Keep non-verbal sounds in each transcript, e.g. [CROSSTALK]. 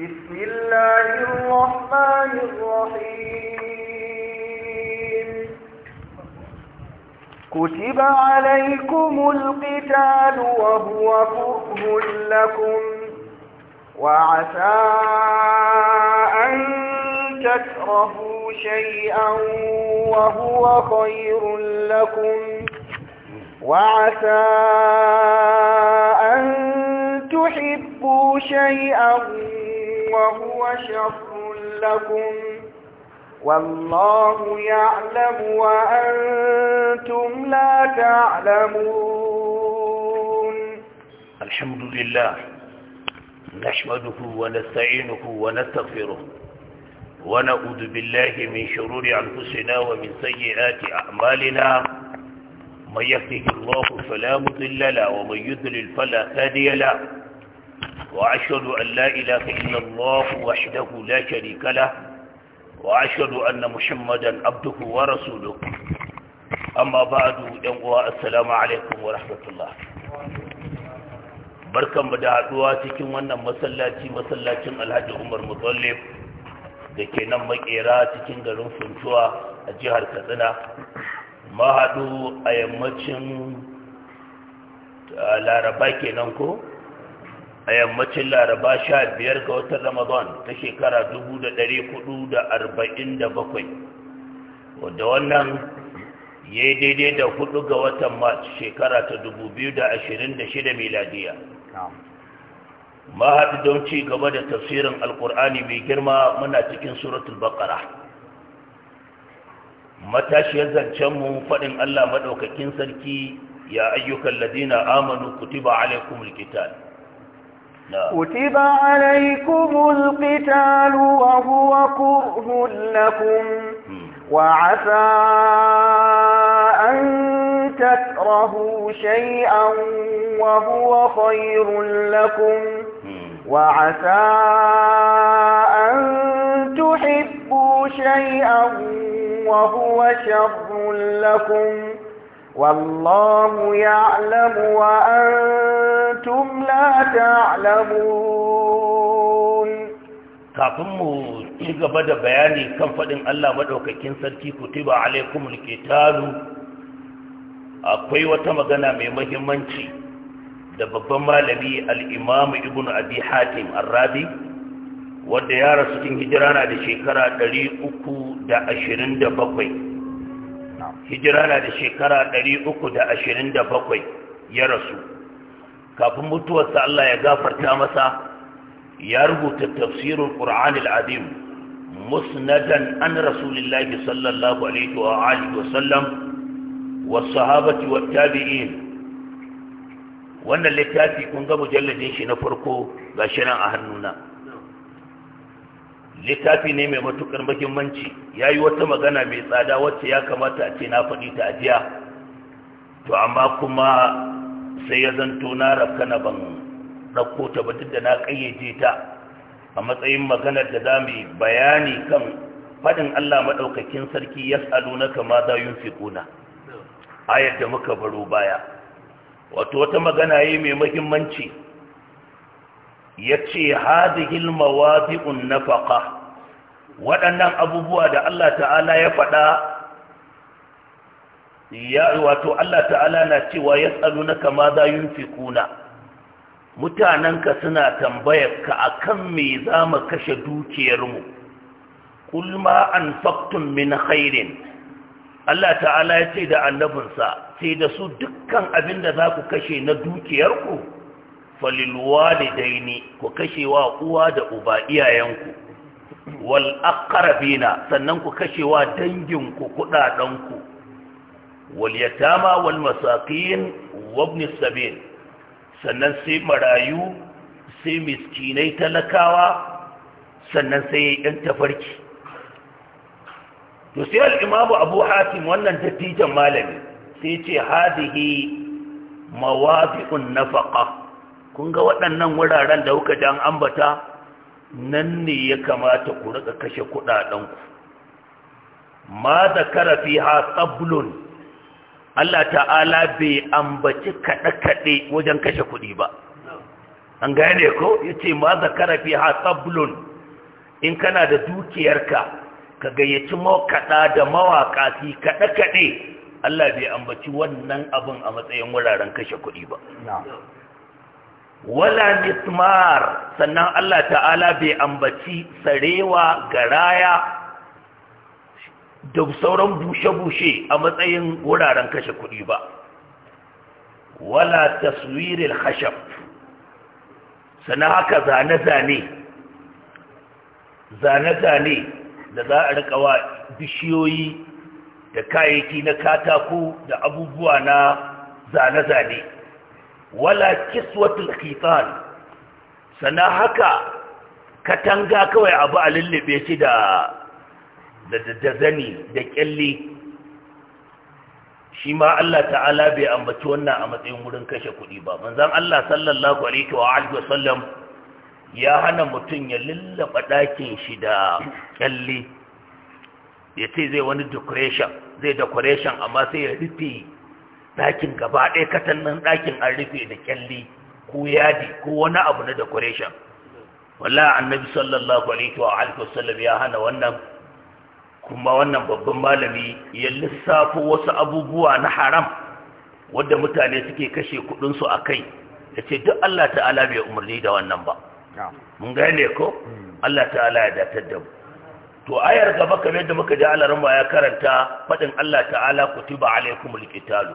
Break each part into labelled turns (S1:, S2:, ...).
S1: بسم الله الرحمن الرحيم كتب عليكم القتال وهو كره لكم وعسى أن تكرهوا شيئا وهو خير لكم وعسى أن تحبوا شيئا وهو شر لكم والله يعلم وأنتم لا تعلمون
S2: الحمد لله نحمده ونستعينه ونستغفره ونعوذ بالله من شرور أنفسنا ومن سيئات أعمالنا من يهده الله فلا مضل له ومن يضلل فلا هادي له وأشهد أن لا إله إلا الله وحده لا شريك له وأشهد أن محمدا عبده ورسوله أما بعد ينقوى السلام عليكم ورحمة الله barkan mu da haduwa cikin wannan masallaci masallacin alhaji umar mutallib da ke nan makera cikin garin funtuwa a jihar katsina mahadu a yammacin laraba kenan ko a yammacin laraba sha biyar ga watan ramadan ta shekara dubu da hudu da arba'in da bakwai wadda wannan ya yi daidai da hudu ga watan march shekara ta dubu biyu da ashirin da shida miladiya don ci gaba da tafsirin Alƙur'ani mai girma muna cikin suratul baƙara matashiyar zancenmu faɗin allah maɗaukakin sarki ya ayyukan ladina amanu kutiba alaikum qital نعم.
S1: كتب عليكم القتال وهو كره لكم وعسى أن تكرهوا شيئا وهو خير لكم وعسى أن تحبوا شيئا وهو شر لكم والله يعلم وأنتم لا تعلمون
S2: kafin mu ci gaba da bayani kan faɗin Allah maɗaukakin sarki kutiba alaikumul qitalu akwai wata magana mai muhimmanci da babban malami al-Imam Ibn Abi Hatim rabi wanda ya rasu hijirara da shekara ɗari uku da ashirin da bakwai. hijira na da shekara uku da da bakwai ya rasu kafin mutuwarsa Allah ya gafarta masa ya rubuta tafsirin ƙur'anil azim musnadan an rasulillahi sallallahu alaihi wa alihi wa sallam wa sahabati wa tabi'in wannan littafi kun ga mujalladin shi na farko ga nan a hannuna littafi ne mai matukar muhimmanci. ya yi wata magana mai tsada wacce ya kamata a ce na faɗi ta ajiya to amma kuma sai ya zanto na na ban ɗauko ta ba da na ƙayyade ta a matsayin maganar da za mu bayani kan faɗin Allah maɗaukakin sarki ya tsalo na kama za fi ƙuna ayar da muka baro baya wato wata magana yi mai muhimmanci. ya ce hadihil mawafi'un nafaka waɗannan abubuwa da Allah ta'ala ya faɗa ya wato Allah ta'ala na cewa ya tsaru na kama za yi yunfikuna mutanenka suna tambayar ka akan me za mu kashe dukiyarmu Kulma an faktun min hairin Allah ta'ala ya ce da annabinsa sai da su dukkan abin da za ku kashe na dukiyarku daini ku kashewa uwa da uba iyayenku wal aqrabina sannan ku kashewa danginku kudadanku wal yatama wal masakin wabni sabil sannan sai marayu sai miskinai talakawa sannan sai yan tafarki to sai al-imamu abu hatim wannan dattijan malami sai ce hadihi mawabi'un nafaqa kun ga waɗannan wuraren da kuka jan ambata nan ne ya kamata ku rika kashe kuɗaɗenku ma zakara ha tsablun Allah ta'ala bai ambaci kaɗe-kaɗe wajen kashe kuɗi ba an gane ko ya ce ma zakara ha tsablun in kana da dukiyarka ka gayyaci kada da mawaƙa fi kaɗe-kaɗe Allah bai ambaci wannan abin a matsayin wuraren kashe kuɗi ba. wala mismar sannan Allah ta'ala bai ambaci sarewa garaya da sauran bushe-bushe a matsayin wuraren kashe kuɗi ba wala taswirin hashaf sannan haka zane-zane zane-zane da za a wa bishiyoyi da kayayyaki na katako da abubuwa na zane-zane wala kiswatul khitan sana haka katanga kawai abu a lullube shi da da zani da kyalle shi ma Allah ta'ala bai ambaci wannan a matsayin wurin kashe kuɗi ba manzon Allah sallallahu alaihi wa alihi wa sallam ya hana mutum ya lullaba ɗakin shi da kyalli ya ce zai wani decoration zai decoration amma sai ya rufe Dakin gaba ɗaya katannan ɗakin an rufe da kyalli ko yadi ko wani abu na decoration walla annabi sallallahu alaihi wa alihi wasallam ya hana wannan kuma wannan babban malami ya lissafo wasu abubuwa na haram wadda mutane suke kashe kudin su akai yace duk Allah ta'ala bai umarni da wannan ba mun gane ko hmm. Allah ta'ala ya datar da mu to ayar gaba kamar yadda muka ji alaran ya karanta fadin Allah ta'ala kutiba alaikumul qitalu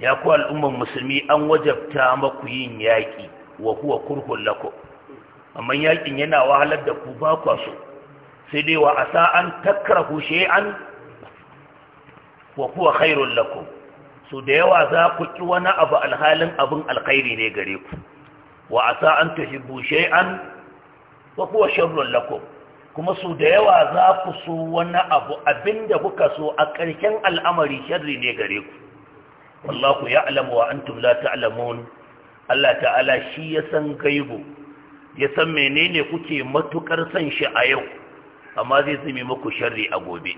S2: ya ku al'umman musulmi an wajabta maku yin yaƙi wa huwa kurhun lako amma yaƙin yana wahalar da ku ba kwa so sai dai wa asa an takrahu shay'an wa huwa khairun lako? so da yawa za ku ki wani abu alhalin abin alkhairi ne gare ku wa asa an bushe shay'an wa huwa sharrun lako? kuma su da yawa za ku so wani abu abinda kuka so a ƙarshen al'amari sharri ne gare ku ya alamu wa antum la ta'lamun Allah ta'ala shi ya san gaibu ya san menene kuke matukar san shi a yau amma zai zame muku shari a gobe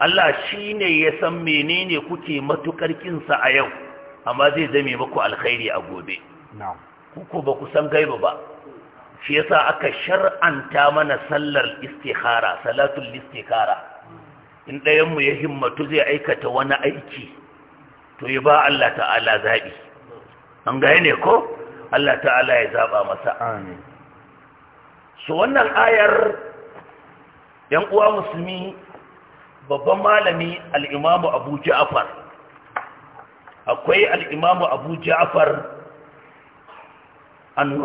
S2: Allah shi ne ya san menene kuke matuƙar kinsa a yau amma zai zame muku alkhairi a gobe kuku ba ku san gaibu ba shi yasa aka shar'anta mana sallar istihara salatul istikhara in ɗayanmu ya himmatu zai aikata wani aiki to yi ba Allah ta'ala zaɓi an gaya ne ko Allah ta'ala ya zaɓa masa su wannan ayar yan uwa musulmi babban malami al'imamu abu ja'afar akwai al'imamu abu ja'afar an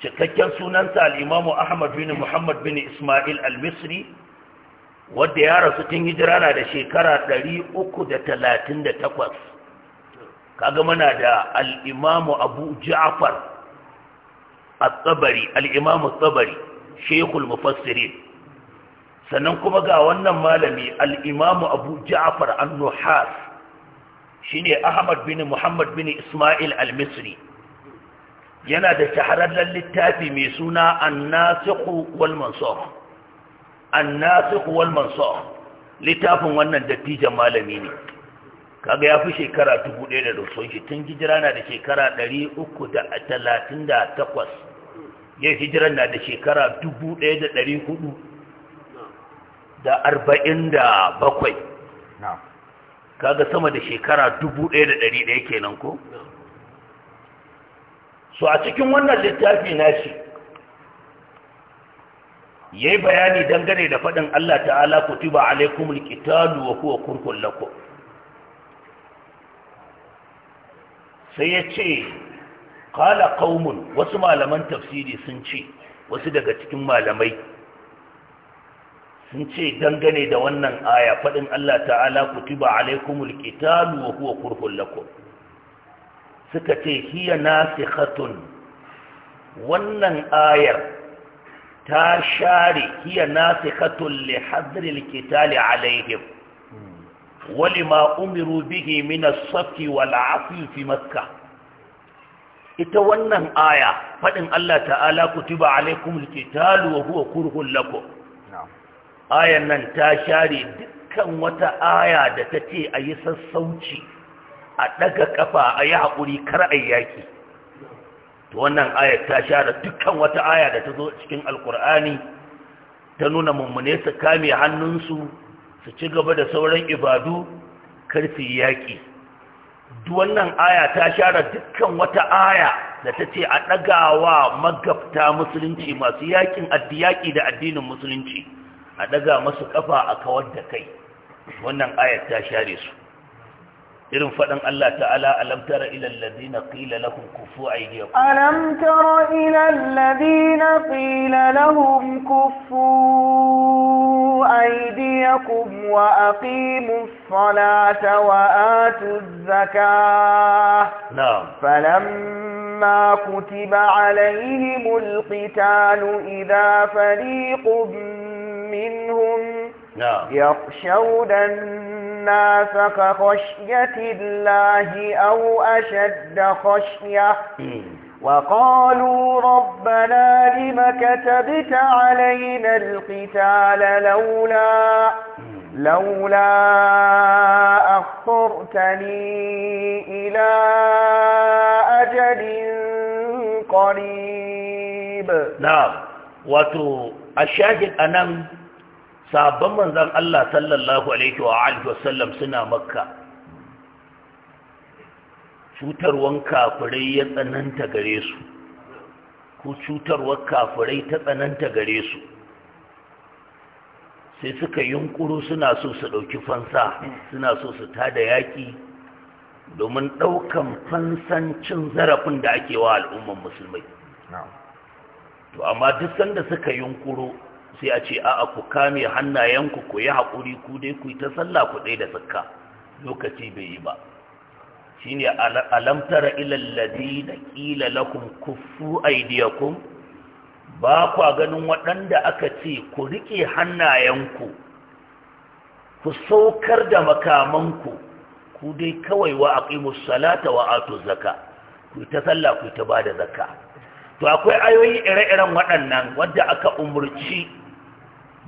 S2: cikakken sunansa al'imamu Ahmad bin Muhammad bin Ismail al-Misri wadda ya rasu tun hijira na da shekara 338 kaga mana da al'imamu abu ja'afar al-tsabari al'imamu tsabari shekul mufassirin sannan kuma ga wannan malami al'imamu abu ja'afar an shi ne ahmad bin muhammad bin ismail al-misri yana da shahararren littafi mai suna an-nasihu wal-mansur annasu wal mansukh littafin wannan dattijan malami ne kaga ya fi shekara dubu ɗaya da rufin shi tun hijira na da shekara ɗari uku da talatin da takwas ya hijiran na da shekara dubu ɗaya da ɗari hudu da arba'in da bakwai kaga sama da shekara dubu ɗaya da ɗari ɗaya kenan ko so a cikin wannan littafi na shi yi bayani dangane da faɗin Allah ta'ala ku tuba alaikumul qitalu wa kuwa kurkun lako sai ya ce kala kaumun wasu malaman tafsiri sun ce wasu daga cikin malamai sun ce dangane da wannan aya faɗin Allah ta'ala ku tuba alaikumul qitalu wa kuwa kurkun lako suka ce hiya nasikhatun wannan ayar ta share hiya nasikhatun li hadril qitali alaihim walima umiru bihi min safi wal fi makkah ita wannan aya faɗin Allah ta'ala kutiba alaikum qitalu wa huwa kurhun lako. ayan nan ta share dukkan wata aya da ta ce a yi sassauci a ɗaga ƙafa a yi haƙuri kar a yaki wannan ayar ta share dukkan wata aya da ta zo cikin alkur'ani ta nuna mummune su kame hannunsu su ci gaba da sauran ibadu karfi yaƙi wannan aya ta share dukkan wata aya da ta ce a ɗagawa magabta musulunci masu yaƙin addiyaƙi da addinin musulunci a ɗaga masu ƙafa a kawar da kai wannan ayar ta share su irin faɗin Allah ta'ala alam tara ila alladhina qila lahum kuffu aydiyakum
S1: alam tara ila alladhina qila lahum kuffu aydiyakum wa aqimus salata wa atuz zakah na'am falamma kutiba alayhimul qitalu idha fariqun minhum نعم يخشون الناس كخشية الله أو أشد خشية وقالوا ربنا لم كتبت علينا القتال لولا لولا أخرتني إلى أجل قريب
S2: نعم وتو الشاهد أنم sabon manzan Allah sallallahu alaihi wa alihi wasallam suna makka cutarwan kafirai ya tsananta gare su ko cutarwar kafirai ta tsananta gare su sai suka yunkuru suna so su ɗauki fansa suna so su tada yaƙi domin ɗaukan fansancin zarafin da ake wa al'umman musulmai to amma duk sanda suka yunkuru sai a ce a'a ku kame hannayenku ku yi haƙuri ku dai ku yi ta sallah ku ɗai da sakka lokaci bai yi ba shine alamtara ilalladi na ƙila lakum kuffu aidiyakum ba kwa ganin waɗanda aka ce ku riƙe hannayenku ku saukar da makamanku ku dai kawai wa aqimus salata wa ato zaka ku ta sallah ku ta bada zaka. to akwai ayoyi ire-iren waɗannan wadda aka umarci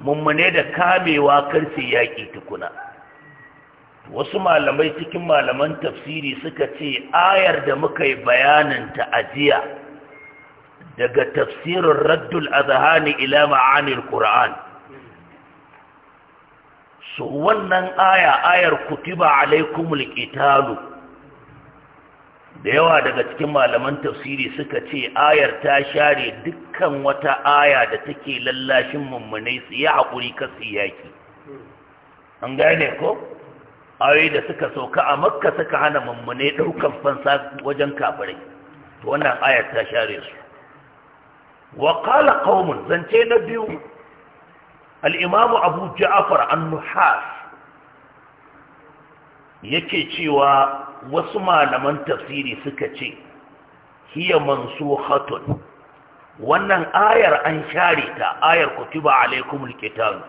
S2: mummune da kamewa kar yaƙi tukuna wasu malamai cikin malaman tafsiri suka ce ayar da muka yi bayanin ta'ajiya daga tafsirin raddul azhani ila ma'anil qur'an so wannan aya ayar kutiba alaikumul qitalu da yawa daga cikin malaman tafsiri suka ce ayar ta share dukkan wata aya da take lallashin mummunai su yi haƙuri kasu yaƙi? an gane ko ayoyi da suka sauka a makka suka hana mummunai ɗaukan fansa wajen kafirai to wannan ayar ta share su wa Kaumin zance na biyu Al'imamu imamu abu ja'far an-nuhas yake cewa wasu malaman tafsiri suka ce hiya mansuhatun wannan ayar an share ta ayar kutuba alaikumul qital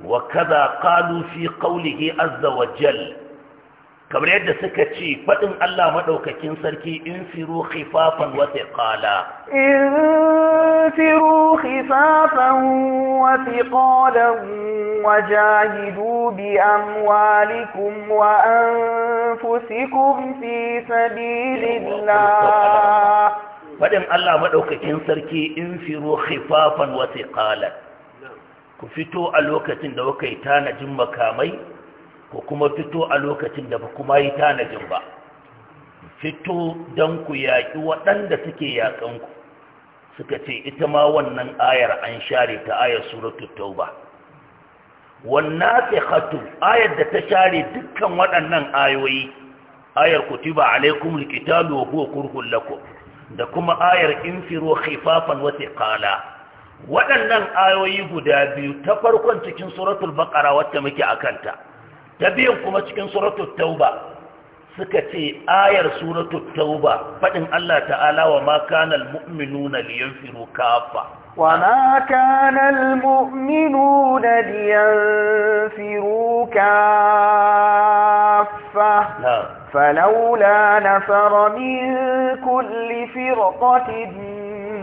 S2: wa kaza qalu fi qawlihi azza wa kamar yadda suka ce faɗin Allah maɗaukakin sarki in firu khifafan wa thiqala
S1: in firu khifafan wa thiqalan wajahidu bi amwalikum wa anfusikum fi faɗin Allah
S2: maɗaukakin sarki in firu khifafan wa ku fito a lokacin da kuka yi tanajin makamai ko kuma fito a lokacin da ba kuma yi tanajin ba fito don ku yaƙi waɗanda suke yaƙanku suka ce ita ma wannan ayar an share ta ayar suratu tauba wannan ayar da ta share dukkan waɗannan ayoyi ayar kutuba alaikum alqitalu wa huwa kurhun lakum da kuma ayar infiru khifafan wa thiqala waɗannan ayoyi guda biyu ta farkon cikin suratul baqara wacce muke akanta ta biyun kuma cikin suratul tauba suka ce ayar suratul tauba fadin Allah ta'ala wa ma kana almu'minuna liyanfiru kaffa وما
S1: كان المؤمنون لينفروا كافة
S3: فلولا
S1: نفر من كل فرقة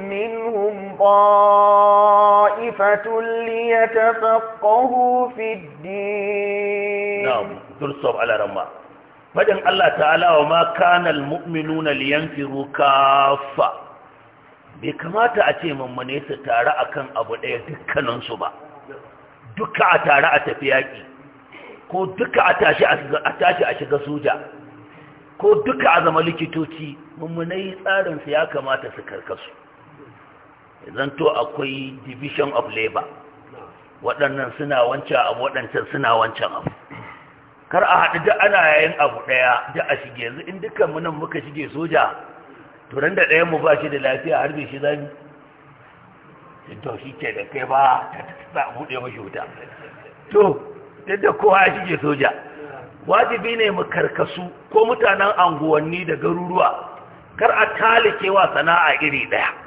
S1: منهم طائفة ليتفقهوا في الدين
S2: نعم ترصب على رمى فدن الله تعالى وما كان المؤمنون لينفروا كافة bai kamata a ce mammane su tare akan abu ɗaya dukkaninsu ba duka a tare a tafi yaƙi ko duka a tashi a shiga soja ko duka a zama likitoci mummunai tsarinsu ya kamata su karkasu to akwai division of labor waɗannan suna wancan abu waɗancan suna wancan abu kar a haɗu da ana yayin abu ɗaya da a shige yanzu in dukkan munan muka shige soja turan da ɗayan mu ba shi da lafiya har bai shi zami to shi ke da kai ba ta za a buɗe mashi wuta to yadda kowa ya shige soja wajibi ne mu karkasu ko mutanen anguwanni da garuruwa kar a talike wa sana'a iri ɗaya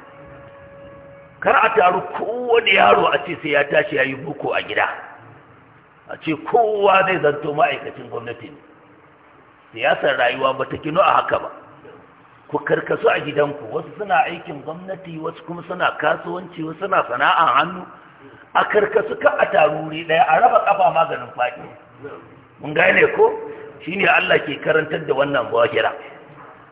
S2: kar a taru kowane yaro a ce sai ya tashi ya yi buko a gida a ce kowa zai zanto ma'aikacin gwamnati ne siyasar rayuwa ba ta gino a haka ba ku karkasu a gidanku wasu suna aikin gwamnati wasu kuma suna kasuwanci wasu suna sana'a hannu a karkasu ka a taruri ɗaya a raba kafa maganin faɗi mun gane ko shine Allah ke karantar da wannan bahira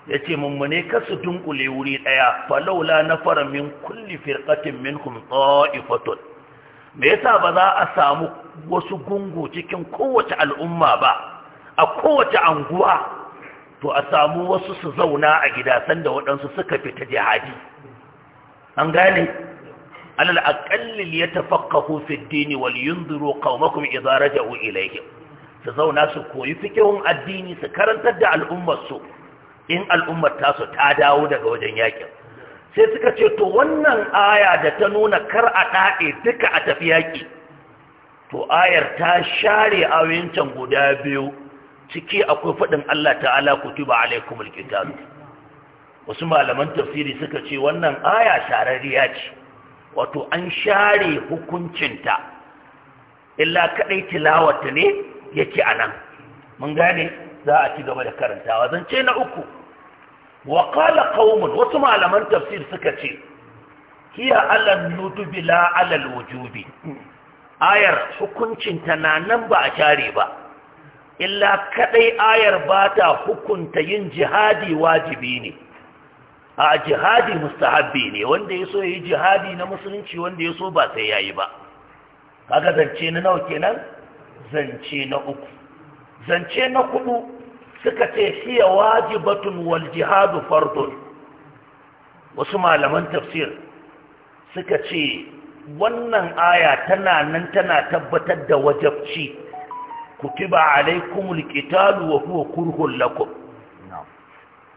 S2: ya ce mummune kasu dunkule wuri ɗaya falaula na fara min kulli firƙatin min ta'ifatun me yasa ba za a samu wasu gungu cikin kowace al'umma ba a kowace anguwa to a samu wasu su zauna a gida sanda waɗansu suka fita jihadi an gane alal aqallil yatafaqahu fi ad-din wal yunziru qaumakum idza raja'u ilayhim su zauna su koyi fikihun addini su karantar da al'ummarsu. su in al'ummar tasu ta dawo daga wajen yakin sai suka ce to wannan aya da ta nuna kar a ɗaɗe duka a tafi yaƙi to ayar ta share ayoyincan guda biyu ciki akwai faɗin Allah ta'ala kutuba alaikumul qitalu wasu malaman tafsiri suka ce wannan aya shararriya ce wato an share hukuncinta illa kadai tilawata ne yake anan mun gane za a ci gaba da karantawa zance na uku Waƙala qala wasu malaman tafsir suka ce hiya alal nudubi la alal wujubi ayar hukuncin ta na nan ba a share ba illa kaɗai ayar ba ta hukunta yin jihadi wajibi ne a jihadi mustahabbi ne wanda ya so ya yi jihadi na musulunci wanda ya so ba sai ya yi ba kaga zance na nawa kenan zance na uku zance na kuɗu. suka ce hiya wajibatun wal jihadu fardun wasu malaman tafsir suka ce wannan aya tana nan tana tabbatar da wajabci kutiba alaikumul qitalu wa huwa kurhun lakum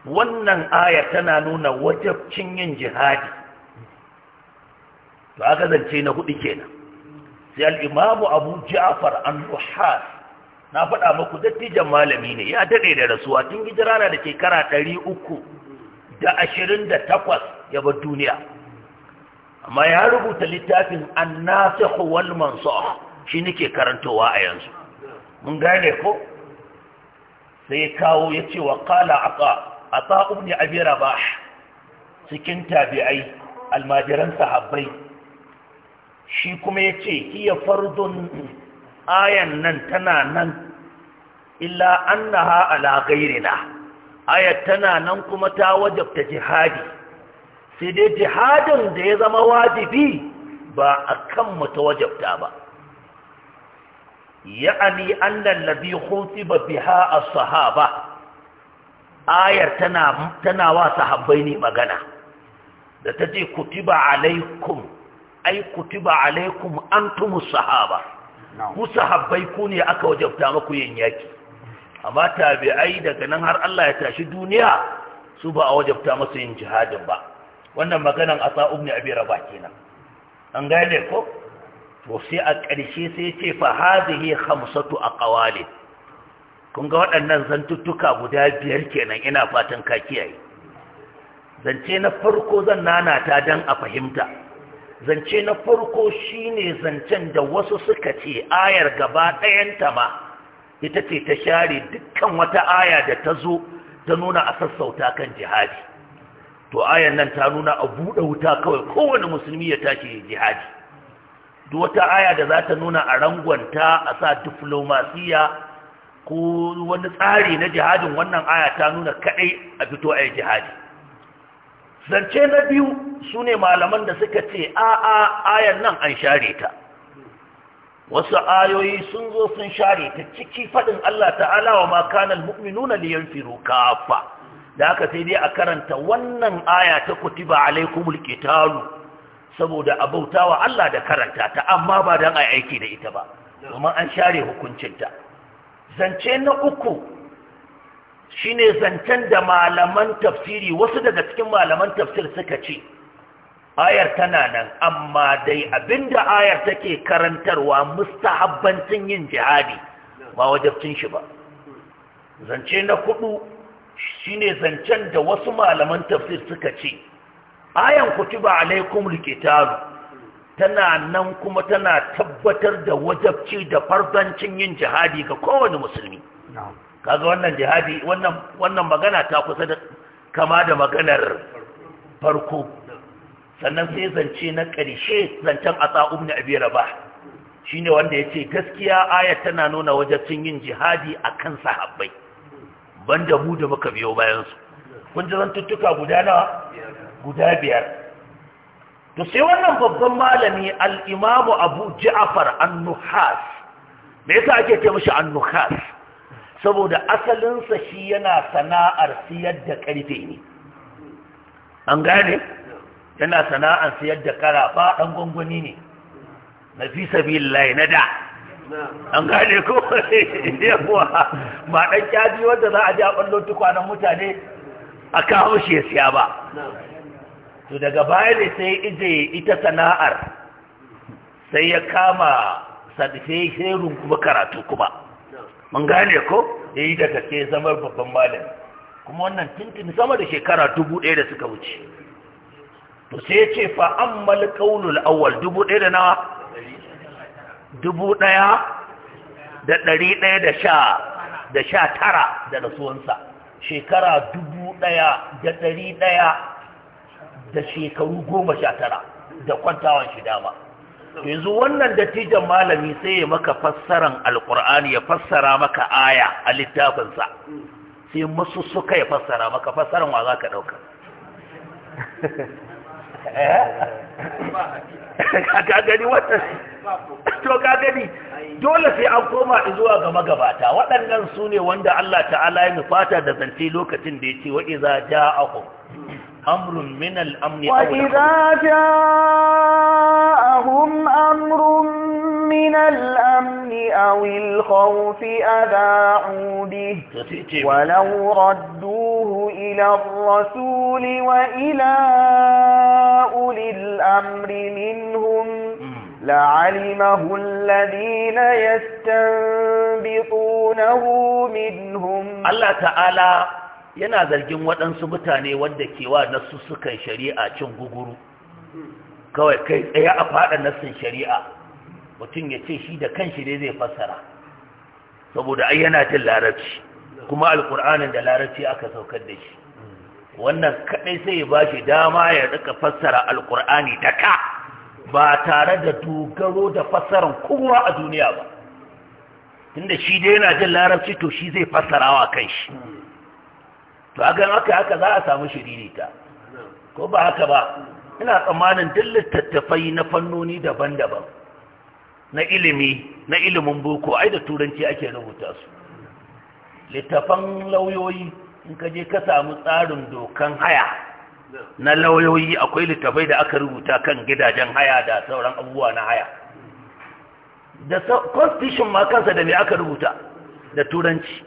S2: wannan aya tana nuna wajabcin yin jihadi to aka zance na hudu kenan sai al-imamu abu ja'far an-nuhas na faɗa muku dattijan malami ne ya daɗe da rasuwa tun gijin rana da shekara ɗari uku da ashirin da takwas ya bar duniya amma ya rubuta littafin annasihu wal manso shi nake karantowa a yanzu mun gane ko sai ya kawo ya ce wa a aqa ne a bera ba cikin tabi'ai almajiran sahabbai shi kuma ya ce iya fardun ayan nan tana nan illa annaha ala ghairina ayat tana nan kuma ta wajabta jihadi sai dai jihadin da ya zama wajibi ba akan mu ta wajabta ba ya'ani annal ladhi khutiba biha as-sahaba ayar tana tana wa sahabbai ne magana da tace kutiba alaikum ai kutiba alaikum antumus sahaba ku sahabbai ku ne aka wajabta muku yin yaki amma tabi'ai daga nan har Allah ya tashi duniya su ba a wajabta masa yin jihadin ba wannan maganan asa ibn abi rabah kenan an gane ko to sai a ƙarshe sai ce fa hamsatu a aqwali kun ga waɗannan zantuttuka guda biyar kenan ina fatan ka kiyaye zance na farko zan nana ta dan a fahimta zance na farko shine zancen da wasu suka ce ayar gaba ɗayanta ma ita ce ta share dukkan wata aya da ta zo ta nuna a sassauta kan jihadi to ayan nan ta nuna a buɗe wuta kawai kowane musulmi ya tashi jihadi duk wata aya da za ta nuna a rangwanta a sa diflomasiya ko wani tsari na jihadin wannan aya ta nuna kaɗai a fito a jihadi zance na biyu su ne malaman da suka ce a'a ayan nan an share ta wasu ayoyi sun zo sun share ta ciki faɗin Allah ta'ala wa ma kana almu'minuna liyanfiru kafa da haka sai dai a karanta wannan aya ta kutiba alaikumul qitalu saboda abautawa Allah da karanta ta amma ba dan ai aiki da ita ba domin an share hukuncinta zance na uku shine zancen da malaman tafsiri wasu daga cikin malaman tafsir suka ce ayar tana nan amma dai abinda ayar take karantarwa mustahabbancin yin jihadi ba wajabcin shi ba zance na kudu shine zancen da wasu malaman tafsir suka ce ayan kutuba alaikum likitalu tana nan kuma tana tabbatar da wajabci da farzancin yin jihadi ga kowane musulmi kaga wannan jihadi wannan wannan magana ta kusa da kama da maganar farko sannan sai zance na ƙarshe zancen asa ibn abi rabah shine wanda yace gaskiya ayat tana nuna wajen yin jihadi akan sahabbai da mu da muka biyo bayansu. su kun ji zantuttuka guda nawa guda biyar to sai wannan babban malami al-imamu abu ja'far annuhas me yasa ake ce mishi annuhas saboda asalinsa shi yana sana'ar siyar da karfe ne an gane yana sana'ar siyar da karafa ɗan gwangwani ne na fi sabi na da
S3: an gane ko
S2: [LAUGHS] yawa ba ɗan kyaji wanda za a ji a ɓallo tukwanen mutane a kawo shi ya siya ba to daga baya ne sai ije ita sana'ar sai ya kama sadisai sai rungumi karatu kuma mun gane ko ya yi daga ke zama babban malin kuma wannan tuntun sama da shekara dubu ɗaya da suka wuce to sai ya ce fa ammal qaulul awwal dubu ɗaya da nawa dubu ɗaya da ɗari ɗaya da sha da sha tara da rasuwansa shekara dubu ɗaya da ɗari ɗaya da shekaru goma sha tara da kwantawan shi dama yanzu wannan dattijan malami sai ya maka fassaran alkur'ani ya fassara maka aya a littafinsa sai masu suka ya fassara maka fassaran wa za ka ɗauka [LAUGHS] Eh? [LAUGHS] ka gani to ka gani dole sai an koma zuwa ga magabata waɗannan su ne wanda Allah ta'ala ya nufata da zance lokacin da ya ce wa'iza ja'ahum amrun min al-amni wa idza
S1: ja'ahum amrun من الأمن أو الخوف أذاعوا به ولو ردوه إلى الرسول وإلى أولي الأمر منهم لعلمه الذين يستنبطونه منهم
S2: الله تعالى yana zargin waɗansu mutane wadda kewa nasu sukan shari'a cin guguru kawai kai tsaye a faɗa nassin shari'a mutum ya ce shi da kanshi dai zai fassara saboda ai yana jin larabci kuma alkur'anin da larabci aka saukar da shi wannan kadai sai ya bashi dama ya rika fassara alkur'ani da ka ba tare da dogaro da fassaran kowa a duniya ba tunda shi dai yana jin larabci to shi zai fassara fassarawa kanshi to agan haka haka za a samu shiririta ko ba haka ba ina tsammanin duk littattafai na fannoni daban-daban na ilimi na ilimin boko ai da turanci ake rubuta su littafan lauyoyi in ka je ka samu tsarin dokan haya na lauyoyi akwai littafai da aka rubuta kan gidajen haya da sauran abubuwa na haya da constitution ma kansa da me aka rubuta da turanci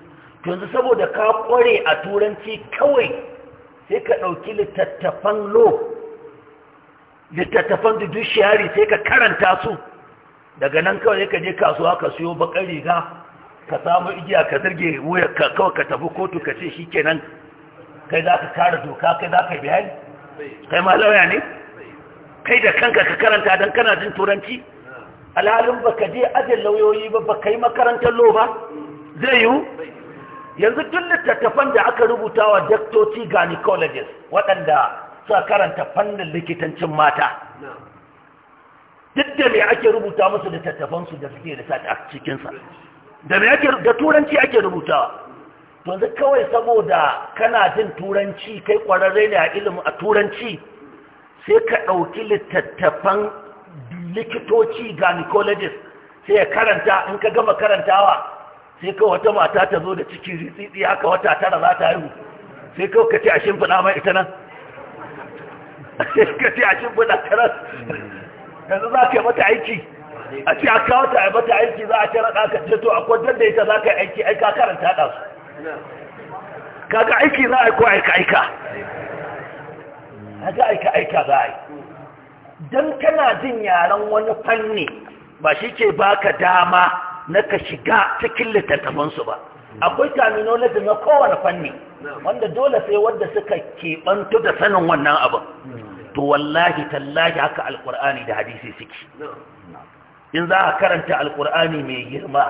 S2: yanzu saboda ka kware a turanci kawai sai ka ɗauki littattafan lo littattafan judiciary sai ka karanta su daga nan kawai ka je kasuwa ka siyo bakar riga ka samu igiya ka zarge wuyar ka kawai ka tafi kotu ka ce shikenan kai za ka kara doka kai za ka biya bayani kai ma lauya ne kai da kanka ka karanta don kana jin turanci alhalin ba ka je ajin lauyoyi ba ba ka yi makarantar lo ba zai yiwu yanzu tun littattafan da aka rubuta wa daktoci gynecologists waɗanda suka karanta fannin likitancin mata duk da me ake rubuta musu da tattafansu da suke da a cikinsa da mai ake da turanci ake rubutawa to zai kawai saboda kana jin turanci kai kwararre ne a ilimin a turanci sai ka ɗauki littattafan likitoci gynecologist sai ya karanta in ka gama karantawa sai ka wata mata ta zo da ciki ritsitsi haka wata tara za ta haihu sai kawai ka ce a shimfiɗa mai ita nan [LAUGHS] yanzu za ka yi mata aiki a ce a kawo ta a mata aiki za a ce raka ka ce to a kwantar da ita za ka yi aiki aika karanta ɗa su
S3: kaga aiki za a yi ko aika aika
S2: kaga aika aika za a yi don kana jin yaren wani fanni ba shi ke baka dama na ka shiga cikin littattafansu ba akwai terminology na kowane fanni wanda dole sai wanda suka keɓantu da sanin wannan abin to wallahi tallahi haka alkur'ani da hadisi suke in za a karanta alkur'ani mai girma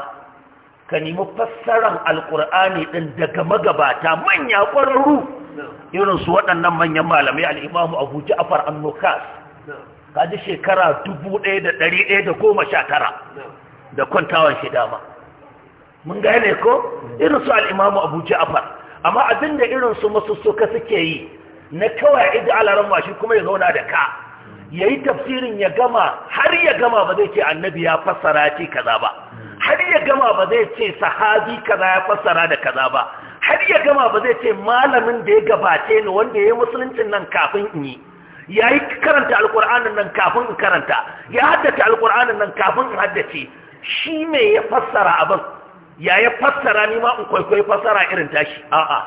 S2: ka nemi fassaran alkur'ani ɗin daga magabata manya ƙwararru irin su waɗannan manyan malamai al'imamu abu ja'far annokas ka ji shekara 1119 da kwantawan shi dama mun gane ko irin su al'imamu abu ja'far amma abinda irin su suka suke yi na kawai a ija alaran kuma ya zauna da ka ya yi tafsirin ya gama har ya gama ba zai ce annabi ya fassara ce kaza ba har ya gama ba zai ce sahabi kaza ya fassara da kaza ba har ya gama ba zai ce malamin da ya gabace ni wanda ya yi musuluncin nan kafin in yi ya yi karanta alkur'anin nan kafin in karanta ya haddace alkur'anin nan kafin in haddace shi ne ya fassara abin ya ya fassara ni ma in kwaikwayi fassara irin tashi a'a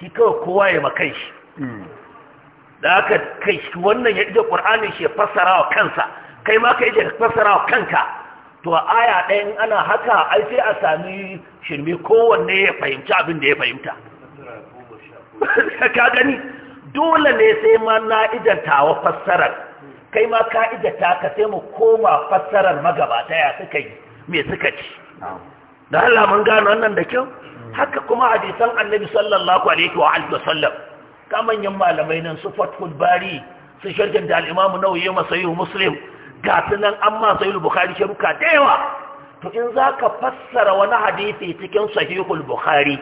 S2: shi kawai kowa ya makan shi da aka kai wannan ya ije ƙwar'anin shi fassara wa kansa kai ma ka ije fassara wa kanka to a aya ɗaya in ana haka ai sai a sami shirme kowanne ya fahimci abin da ya fahimta ka gani dole ne sai ma na wa fassarar kai ma ka idata ka sai mu koma fassarar magabata ya suka yi me suka ci da Allah mun gano wannan da kyau haka kuma hadisan annabi sallallahu alaihi wa sallam ga manyan malamai nan su fathul bari su sharhin da al-imamu nawawi masa yi muslim ga sunan amma sahihul bukhari sharuka da yawa to in ka fassara wani hadisi cikin sahihul bukhari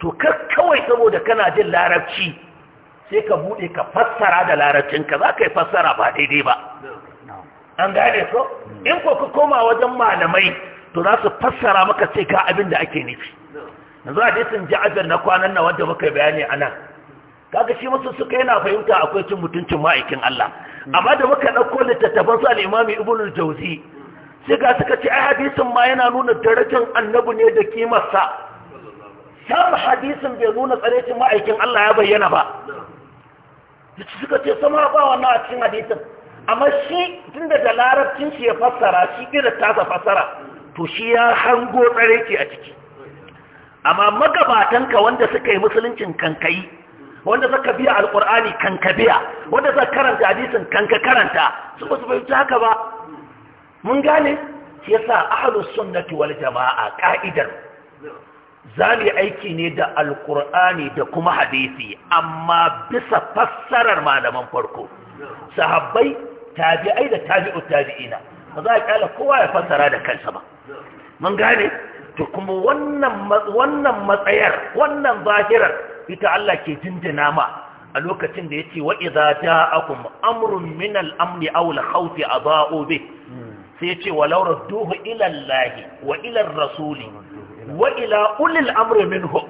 S2: to ka kawai saboda kana jin larabci sai ka bude ka fassara da larabcinka za ka yi fassara ba daidai ba an gane ko in ko ka koma wajen malamai to za su fassara maka sai ka abin da ake nufi yanzu a disin ja'ajar na kwanan na wanda muka bayani a nan kaga shi musu suka yana fahimta akwai cin mutuncin ma'aikin Allah amma da muka ɗauko littattafan su al-Imam Ibn al-Jawzi sai ga suka ce ai hadisin ma yana nuna darajar annabi ne da kimar sa sam hadisin bai nuna tsarecin ma'aikin Allah ya bayyana ba suka ce sama ba wannan a cikin hadisin amma shi tunda da larabcin shi ya fassara shi irin tasa fassara to shi ya hango tsareci a ciki amma magabatanka wanda suka yi musuluncin kankayi wanda zaka biya Alƙur'ani kan ka biya wanda zaka karanta hadisin kan ka karanta su ba su fahimci haka ba mun gane shi yasa ahlus sunnati wal jamaa ka'idar zali aiki ne da Alƙur'ani da kuma hadisi amma bisa fassarar malaman farko sahabbai tabi'ai da tabi'u tabi'ina ba za a kyala kowa ya fassara da kansa ba mun gane to kuma wannan matsayar wannan zahirar ita Allah ke jinjina ma a lokacin da ya yace wa idza ja'akum amrun min al-amni aw al-khawfi adha'u bih sai yace walau radduhu ila Allah wa ila ar-rasul wa ila ulil amri minhum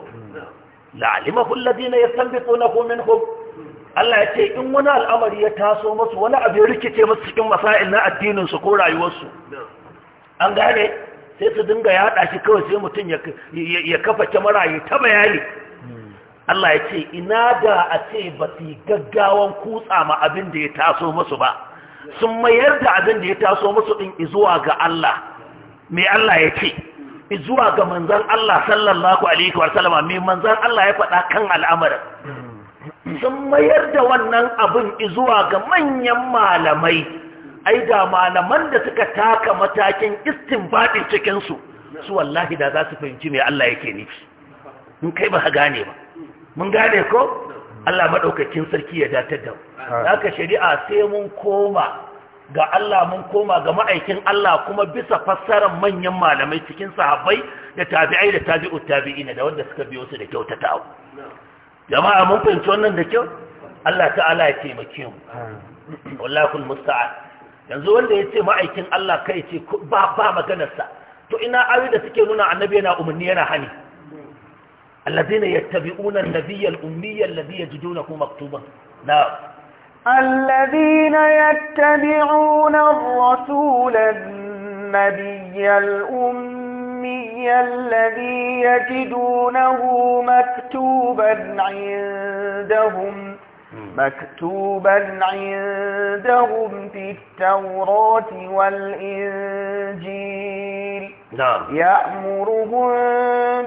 S2: la'alimahu alladhina yastanbitunahu minhum Allah ya ce in wani al'amari ya taso masu wani abu ya rikice masu cikin masa'il na addininsu ko rayuwarsu an gane sai su dinga yaɗa shi kawai sai mutum ya kafa kyamara ya ta bayani Allah ya ce ina da a ce ba su gaggawan kutsa ma abin da ya taso musu ba sun mayar da abin da ya taso musu ɗin izuwa ga Allah mai Allah ya ce izuwa ga manzan Allah sallallahu alaihi wa mai manzan Allah ya faɗa kan al'amarin sun mayar da wannan abin izuwa ga manyan malamai ai da malaman da suka taka matakin istin baɗin cikinsu su wallahi da za su fahimci mai Allah yake nufi in kai ba gane ba mun gane ko Allah maɗaukakin sarki ya datar da haka shari'a sai mun koma ga Allah mun koma ga ma'aikin Allah kuma bisa fassarar manyan malamai cikin sahabbai da tabi'ai da tabi'ut tabi'ina da wanda suka biyo su da kyautatawa jama'a mun fahimci wannan da kyau Allah ta'ala ya taimake mu wallahi musta'an yanzu wanda ya ce ma'aikin Allah kai ce ba ba maganarsa to ina ayoyi da suke nuna annabi yana umarni yana hani الذين يتبعون النبي الأمي الذي يجدونه مكتوبا لا
S1: نعم. الذين يتبعون الرسول النبي الأمي الذي يجدونه مكتوبا عندهم
S2: مكتوبا
S1: عندهم في التوراة والإنجيل نعم يأمرهم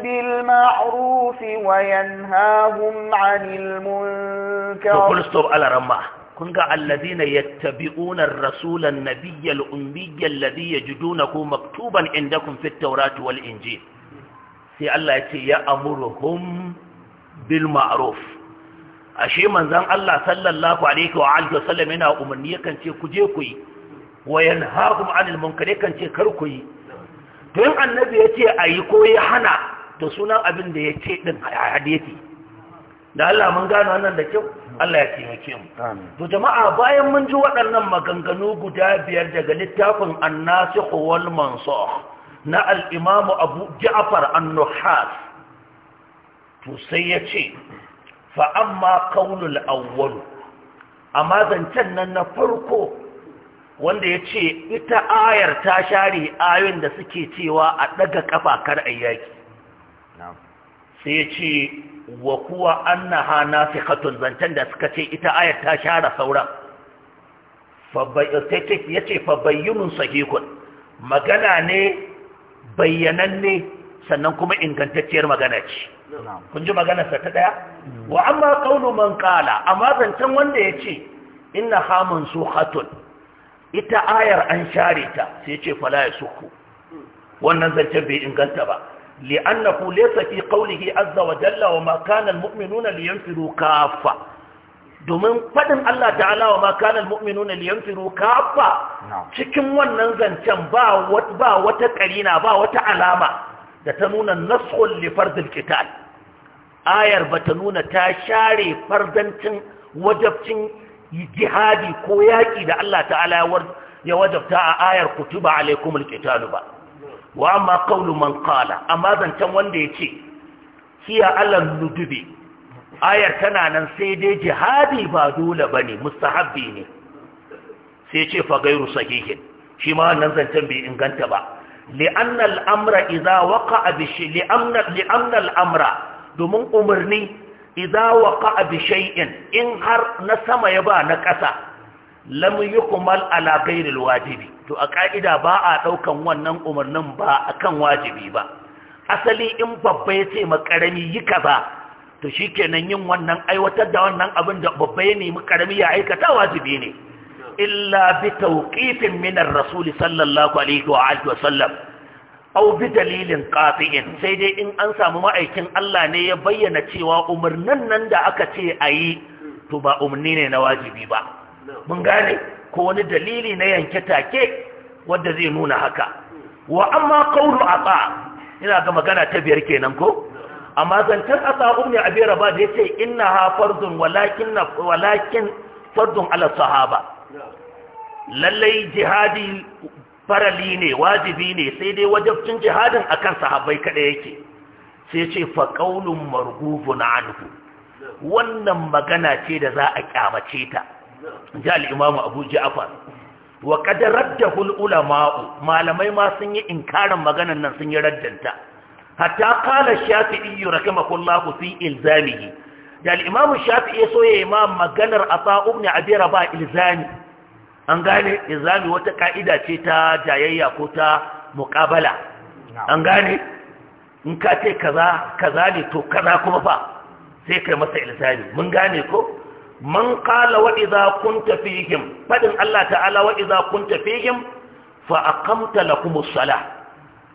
S1: بالمعروف وينهاهم عن المنكر كل
S2: استوب على رمى كنك الذين يتبعون الرسول النبي الأمي الذي يجدونه مكتوبا عندكم في التوراة والإنجيل سي الله يأمرهم بالمعروف ashe manzon Allah sallallahu alaihi wa alihi wasallam yana umarni yakan ce ku je ku yi wa yanhahum anil munkari kan ce kar ku yi to in annabi ya ce ayi ko ya hana to sunan abin da ya ce din hadisi da Allah mun gano wannan da kyau Allah ya taimake mu to jama'a bayan mun ji waɗannan maganganu guda biyar daga littafin An-Nasikh wal Mansukh na al-Imam Abu Ja'far An-Nuhas to sai ya fa amma qaulul awwal amma zancen nan na farko wanda ya ce ita ayar ta share ayoyin da suke cewa a daga kafa kar ayyaki sai ya ce wa kuwa annaha nasikhatun zancen da suka ce ita ayar ta share sauran ya ce fabayyunun sahihun magana ne bayyananne sannan kuma ingantacciyar magana ce kun ji maganarsa ta ɗaya wa amma kaunu man kala amma zancen wanda ya ce ina hamun su hatun ita ayar an share ta sai ce fala ya suku wannan zancen bai inganta ba li'annahu laysa fi qawlihi azza wa jalla wa ma kana almu'minuna liyanfiru kaffa domin fadin Allah ta'ala wa ma kana almu'minuna liyanfiru kaffa cikin wannan zancen ba wata ba wata karina ba wata alama da ta nuna naskun lifardin kital ayar ba ta nuna ta share fardancin wajabcin jihadi ko yaƙi da Allah ta'ala ya wajabta a ayar kutuba alaikum kitalu ba wa amma qawlu man qala amma zancen wanda yace hiya alal nudubi ayar tana nan sai dai jihadi ba dole bane mustahabbi ne sai ce fa gairu sahihin shi ma wannan zancen bai inganta ba li'anna al'amra domin umarni idza waqa'a bi shay'in in har na sama ya ba na ƙasa lam yukmal ala ghairi alwajibi to a ƙa'ida ba a ɗaukan wannan umarnin ba kan wajibi ba asali in babba ya ce makarami yi kaza to shikenan yin wannan aiwatar da wannan abin da babba ya nemi karami ya aikata wajibi ne illa bi tawqifin min ar sallallahu alaihi wa sallam au dalilin qati'in sai dai in an samu ma'aikin Allah ne ya bayyana cewa umarnin nan da aka ce ayi to ba umarni ne na wajibi ba mun gane ko wani dalili na yanke take wanda zai nuna haka wa amma qawlu ata ina ga magana ta biyar kenan ko amma zantar ata ummi abi rabah da yace ce, fardun walakin walakin fardun ala sahaba lallai jihadi farali ne wajibi ne sai dai wajabcin jihadin akan sahabbai kada yake sai ce fa qaulun marghubun anhu wannan magana ce da za a kyamace ta ji al Abu Ja'far wa qad raddahu ulama malamai ma sun yi inkarin maganan nan sun yi raddanta hatta qala Shafi'i rahimahullahu fi ilzamihi da al Shafi'i so yayi ma maganar Atha ibn Abi Rabah ilzami an gane izami wata ka'ida ce ta jayayya ko ta muƙabala an gane in ka ce kaza kaza ne to kaza kuma fa sai kai masa ilzami mun gane ko man qala wa idza kunta fihim fadin Allah ta'ala wa idza kunta fihim fa aqamta lakumus salah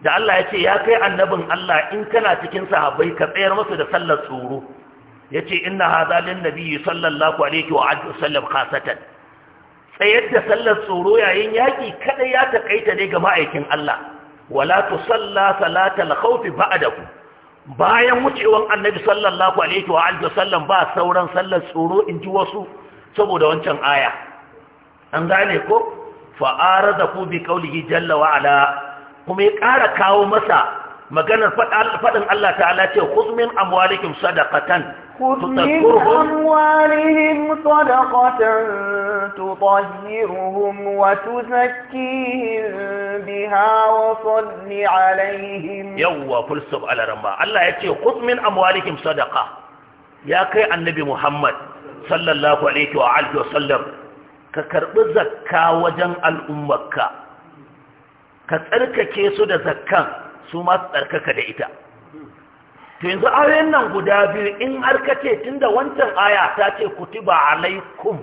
S2: da Allah yace ya kai annabin Allah in kana cikin sahabbai ka tsayar musu da sallar tsoro ya ce inna hadha lin nabiyyi sallallahu alaihi wa alihi wasallam khasatan tsayar da sallar tsoro yayin yaƙi kada ya taƙaita ne ga ma'aikin Allah wala tusalla salatal khawfi ba'dahu bayan wucewan annabi sallallahu alaihi wa alihi wasallam ba sauran sallar tsoro in ji wasu saboda wancan aya an gane ko da ku bi qaulihi jalla wa ala kuma ya ƙara kawo masa maganar faɗin Allah ta'ala ce Kuzmin min amwalikum sadaqatan
S1: خذ من أموالهم صدقة تطهرهم وتزكيهم بها وصل عليهم
S2: يوا كل سب على رما الله يتي خذ من أموالهم صدقة يا كي النبي محمد صلى الله عليه وآله وسلم ككرب زكاة وجن الأمة ka tsarkake su da zakkan su ma tsarkaka da ita to yanzu ayoyin nan guda biyu in har ka ce tunda wancan aya ta ce kutiba alaikum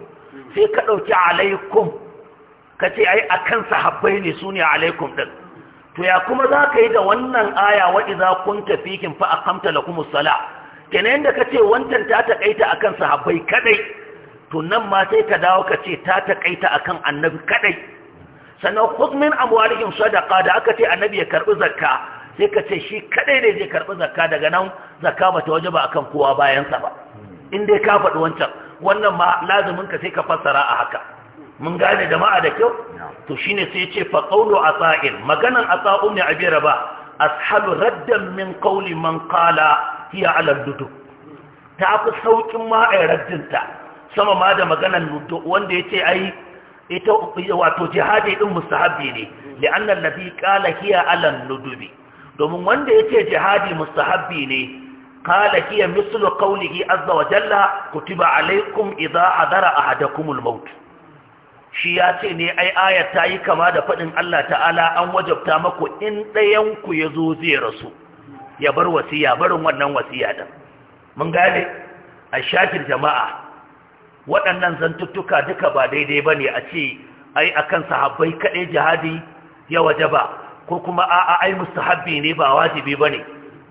S2: sai ka ɗauki alaikum ka ce ai akan sahabbai ne sune alaikum din, to ya kuma za ka yi da wannan aya waɗi za kun tafi fa aqamta lakumus kuma sala kenan inda ka ce wancan ta takaita akan sahabbai kaɗai to nan ma sai ka dawo ka ce ta taƙaita akan annabi kaɗai sannan hukmin amwalihim sadaqa da aka ce annabi ya karɓi zakka sai ka ce shi kadai ne zai karɓi zakka daga nan zakka ba ta waje ba akan kowa bayansa ba in dai ka faɗi wancan wannan ma lazumin ka sai ka fassara a haka mun gane jama'a da kyau to shine sai ya ce fa qawlu asa'il maganan asa'u ne abira ba, ashalu raddan min qawli man qala hiya ala dudu ta fi saukin ma ai ta sama ma da maganan dudu wanda yace ai ita wato jihadi din musahabi ne li'anna alladhi qala hiya ala nudubi domin wanda ya ce jihadi mustahabbi ne قال mislu مثل azza wa jalla a zara, a adara أحدكم الموت shi ya ce ne ai Ayat ta yi kama da faɗin Allah ta'ala an wajabta maku in ɗayanku ya zo zai rasu ya bar wasiya barin wannan wasiya da mun gane a shafin jama'a waɗannan zantuttuka duka ba daidai ba ne a ce ai akan sahabbai kaɗai jihadi ya wajaba ko kuma a'a ai mustahabbi ne ba wajibi bane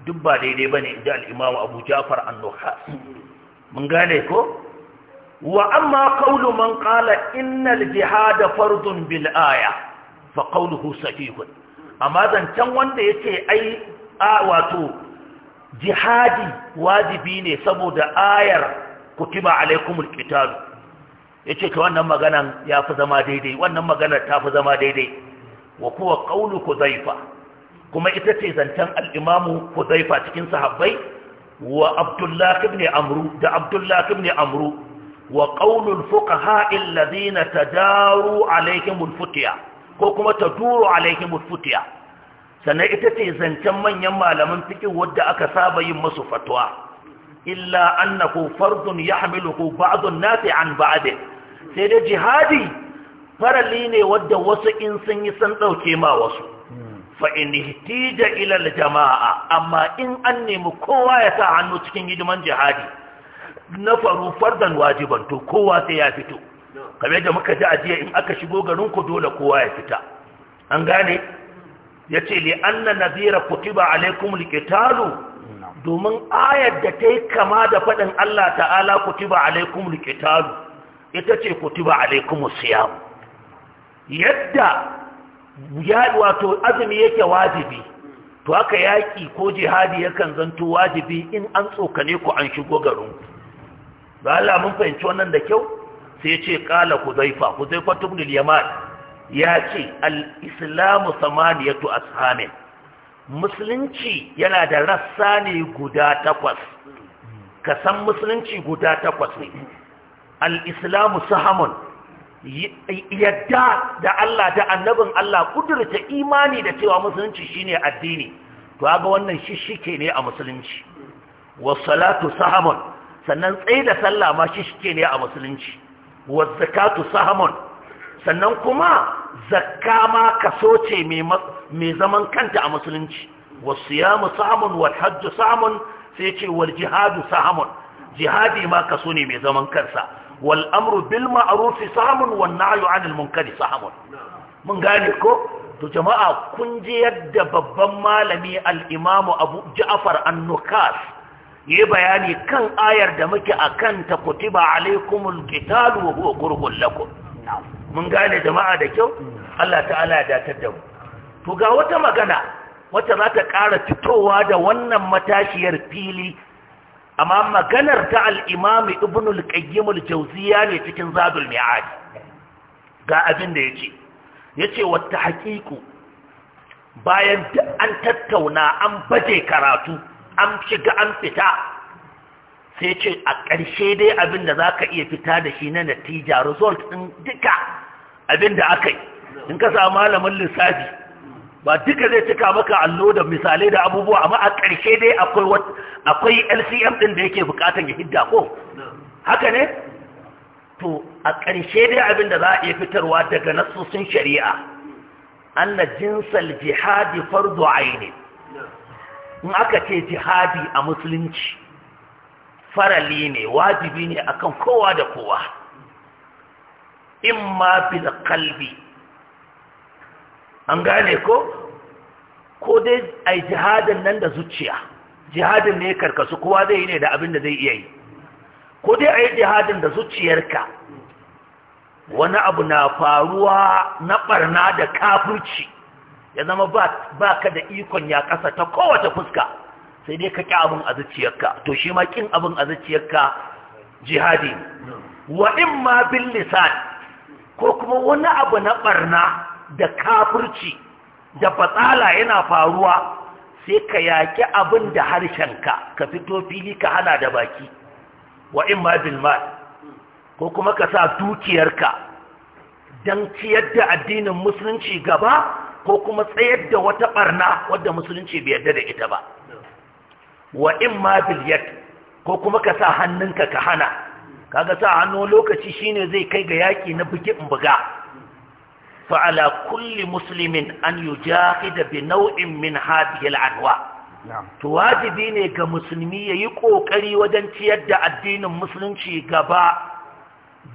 S2: duk ba daidai bane inda al-Imam Abu Ja'far an-Nukhas mun gane ko wa amma qawlu man qala innal jihada fardun bil aya fa qawluhu sahihun amma can wanda yace ai a wato jihadi wajibi ne saboda ayar kutiba alaikumul qital yace to wannan maganan ya fi zama daidai wannan maganar ta fi zama daidai wa kuwa qawlu kuzaifa kuma ita ce zancen al'imamu imamu kuzaifa cikin sahabbai wa Abdullahi ibn amru da Abdullahi ibn amru wa qawlu al-fuqaha alladhina tadaru alaihim al ko kuma taduru alaihim al-futiya sannan ita ce zancen manyan malaman fiqh wadda aka saba yin musu fatwa illa Annaku, fardun yahmiluhu ba'd Ba'adun, nasi an ba'd sai da jihadi farali ne wadda wasu in sun yi san ɗauke ma wasu fa'in ilal jama'a amma in an nemi kowa ya sa hannu cikin hidiman jihadi na faru fardan wajiban to kowa sai ya fito Kabe da muka ji ajiya in aka shigo garin ku dole kowa ya fita an gane ya ce li anna nazira kutiba alaikum likitalu domin ayar da ta yi kama da faɗin Allah ta'ala kutiba alaikum likitalu ita ce kutiba alaikum siyamu yadda ya wato azumi yake wajibi to haka yaki ko jihadi yakan zanto wajibi in an tsokane ku an shigo garin ba Allah mun fahimci wannan da kyau sai ce kala kuzaifa huzaifa ibn al-yaman ya ce al-islamu samaniyatu ashamin musulunci yana da rassa ne guda takwas ka san musulunci guda takwas ne al-islamu sahamun yadda da Allah da annabin Allah kudurta imani da cewa musulunci shine addini to ga wannan shike ne a musulunci salatu sahamun sannan tsaye da sallah ma shike ne a musulunci zakatu sahamun sannan kuma zakka ma kaso ce mai zaman kanta a musulunci siyamu sahamun wa hajju sahamun sai ce wal jihadu sahamun jihadi ma kaso ne mai zaman kansa wal amru bil ma'ruf sahamun wan nahyu 'anil mun gane ko to jama'a kun je yadda babban malami al-imam Abu Ja'far an-Nukas yayi bayani kan ayar da muke akan ta kutiba alaykumul qitalu wa huwa kurhun lakum mun gane jama'a da kyau Allah ta'ala ya datar da mu to ga wata magana wata za ta ƙara fitowa da wannan matashiyar fili amma maganar ta al-imam ibn al-qayyim al-jawziya ne cikin zadul mi'ad ga abin da yake yace wata haqiqu bayan an tattauna an baje karatu an shiga an fita sai ce a ƙarshe dai abin da zaka iya fita da shi na natija result din duka abin da aka yi in ka samu malamin lissafi ba duka zai cika maka allo da misalai da abubuwa amma a ƙarshe dai akwai LCM ɗin da yake buƙatar ya hidda ko haka ne to a ƙarshe dai abin da za a iya fitarwa daga nasusun shari'a na jinsal jihadi fardu aini in aka ce jihadi a musulunci farali ne wajibi ne akan kowa da kowa In bi bil kalbi. an gane ko ko dai a yi jihadin nan da zuciya jihadin ne karkasu kowa zai yi ne da abin da zai iya yi ko dai a yi jihadin da zuciyarka wani abu na faruwa na barna da kafirci ya zama ba ka da ikon ya kasa ta kowace fuska sai dai ka ƙi abin a zuciyarka to shi ma ƙin abin a zuciyarka jihadi wa in ma bin lisan ko kuma wani abu na barna da kafirci da batsala yana faruwa sai ka yaƙi abin da harshen ka ka fito fili ka hana da baki wa in ma bilmal ko kuma ka sa dukiyarka don ciyar da addinin musulunci gaba ko kuma tsayar da wata barna wadda musulunci bai yarda da ita ba wa in ma bilyat ko kuma ka sa hannunka ka hana kaga sa hannu lokaci shine zai kai ga yaƙi na bugi buga فعلى كل مسلم أن يجاهد بنوع من هذه الأنواع wajibi ne ga musulmi ya yi ƙoƙari wajen ciyar da addinin musulunci gaba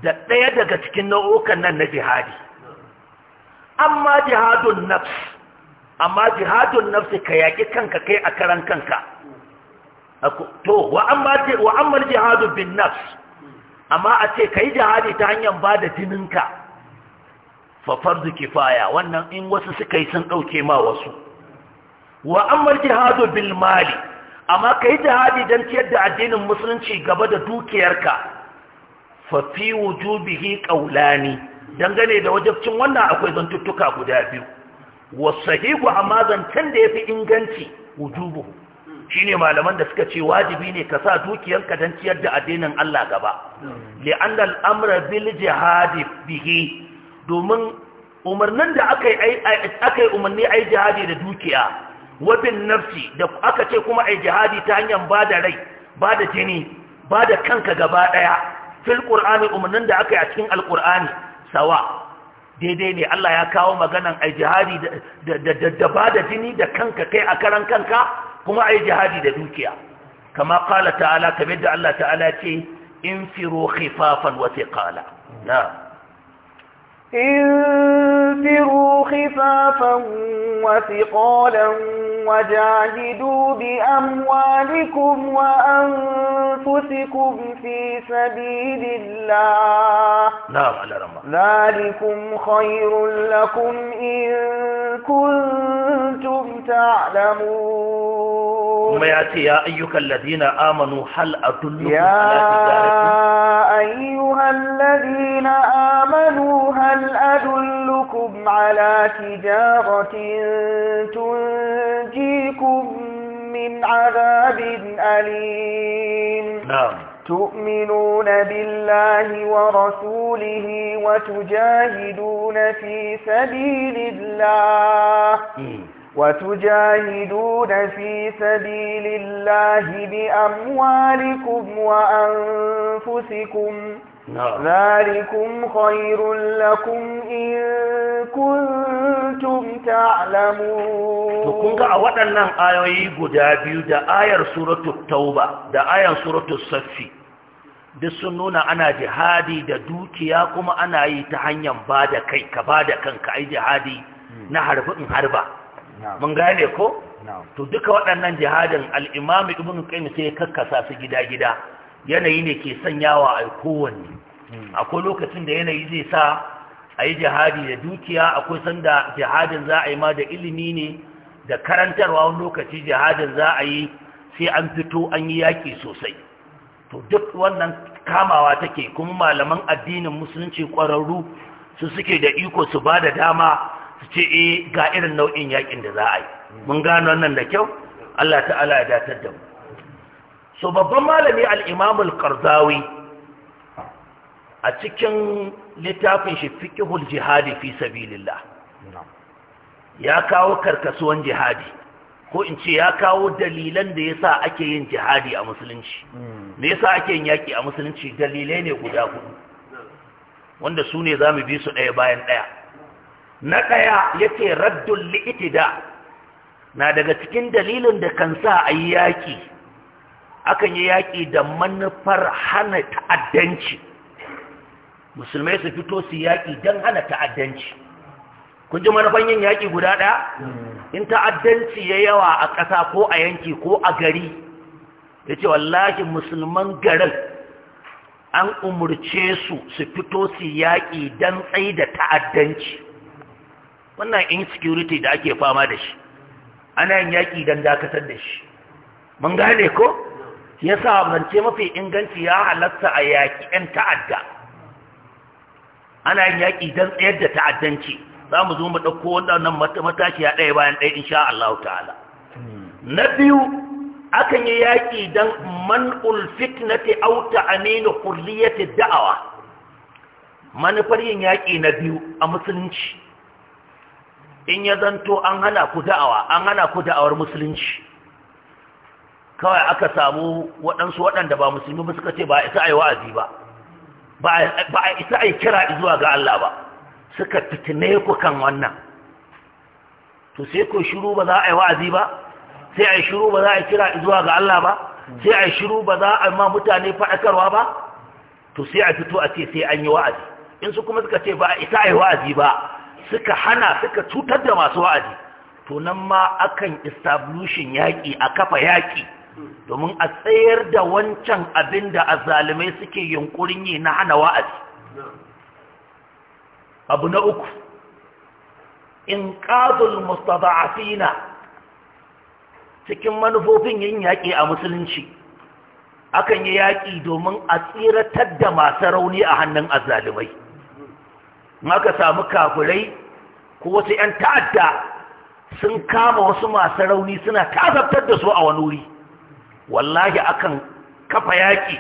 S2: da ɗaya daga cikin nau'ukan nan na jihadi amma jihadun nafs amma jihadun nafs ka yaƙi kanka kai a karan kanka to wa amma jihadun bin nafs amma a ce ka jihadi ta hanyar bada da jininka fa fardu kifaya wannan in wasu suka yi sun ɗauke ma wasu wa amma jihadu bil mali amma kai jihadi dan ciyar da addinin musulunci gaba da dukiyarka fa wujubihi ƙaulani. dangane da wajabcin wannan akwai zantuttuka guda biyu wasahihu amma zancen da fi inganci Shi shine malaman da suka ce wajibi ne ka sa dukiyarka dan ciyar da addinin Allah gaba hmm. li'anna amra bil jihadi bihi domin umarnin da aka yi umarni a yi jihadi da dukiya wabin nafsi da aka ce kuma a jihadi ta hanyar ba da rai ba da jini ba da kanka gaba ɗaya fil ƙur'ani umarnin da aka yi a cikin alƙur'ani sawa daidai ne Allah ya kawo maganan a jihadi da ba da jini da kanka kai a karan kanka kuma a jihadi da dukiya kama ƙala ta'ala kamar da Allah ta'ala ce in firo khifafan wa ƙala na
S1: انفروا خفافا وثقالا وجاهدوا بأموالكم وأنفسكم في سبيل الله نعم ذلكم خير لكم إن كنتم تعلمون
S2: ثم يأتي يا أيها الذين آمنوا هل أدلكم يا
S1: أيها الذين آمنوا هل هل أدلكم على تجارة تنجيكم من عذاب أليم نعم تؤمنون بالله ورسوله وتجاهدون في سبيل الله وتجاهدون في سبيل الله بأموالكم وأنفسكم ذلكم خير لكم إن كنتم تعلمون
S2: تكون a waɗannan ayoyi guda biyu da ayar suratul tauba da ayar suratul saffi duk sun nuna ana jihadi da dukiya kuma ana yi ta hanyar ba da kai ka ba da kanka ai jihadi hmm. na harbi in harba mun gane ko to duka waɗannan jihadin al-imam ibn qayyim sai kakkasa su gida-gida yanayi ne ke sanyawa a kowanne akwai lokacin da yanayi zai sa a yi jihadi da dukiya akwai sanda jihadin za a yi ma da ilimi ne da karantarwa wani lokaci jihadin za a yi sai an fito an yi yaƙi sosai to duk wannan kamawa take kuma malaman addinin musulunci ƙwararru su suke da iko su ba da dama su ce e ga irin nau'in yaƙin da za a yi mun gano wannan da kyau allah ta'ala ya datar da mu so babban malami al-imam al-qardawi a cikin littafin shi fiqhul jihadi fi sabilillah ya kawo karkasuwan jihadi ko in ce ya kawo dalilan da yasa ake yin jihadi a musulunci hmm. me yasa ake yin yaki a musulunci dalilai ne guda hudu wanda su ne zamu bi su ɗaya bayan ɗaya na ɗaya yace raddul li'tida na daga cikin dalilin da kan sa ayi yaƙi. akan yi yaƙi da manufar hana ta'addanci musulmai su fito su yaƙi don hana ta'addanci kun ji manufan yin yaƙi guda ɗaya in ta'addanci ya yawa a ƙasa ko a yanki ko a gari ya ce wallahi musulman garin an umarce su su fito su yaƙi don tsaye da ta'addanci wannan insecurity da ake fama da shi ana yin yaƙi don dakatar da shi mun gane ko ya sa mance mafi inganci ya halatta a yaƙi 'yan ta'adda ana yin yaƙi don tsayar da ta'addanci za mu zo mu ɗauko waɗannan matashiya ɗaya bayan ɗaya insha Allah ta'ala na biyu akan yi yaƙi don man'ul fitnati auta aminu kulliyati da'awa manufar yin yaƙi na biyu a musulunci in ya zanto an hana ku da'awa an hana ku da'awar musulunci kawai aka samu waɗansu waɗanda ba musulmi ba suka ce ba isa a yi wa'azi ba ba a isa a yi kira zuwa ga Allah ba suka fitine ku kan wannan to sai ku shiru ba za a yi wa'azi ba sai a yi shiru ba za a yi kira zuwa ga Allah ba sai a yi shiru ba za a yi ma mutane faɗakarwa ba to sai a fito a ce sai an yi wa'azi in su kuma suka ce ba a isa a yi wa'azi ba suka hana suka cutar da masu wa'azi to nan ma akan establishing yaƙi a kafa yaƙi domin a tsayar da wancan abin da azalimai suke yunkurin yi na hana wa'azi abu na uku in ƙazul Afina, cikin manufofin yin yaƙi a musulunci akan yi yaƙi domin a tsiratar da masu rauni a hannun azalimai aka samu kafirai ko wasu 'yan ta'adda sun kama wasu masu rauni suna tazabtar da su a wani wuri wallahi akan kafa yaƙi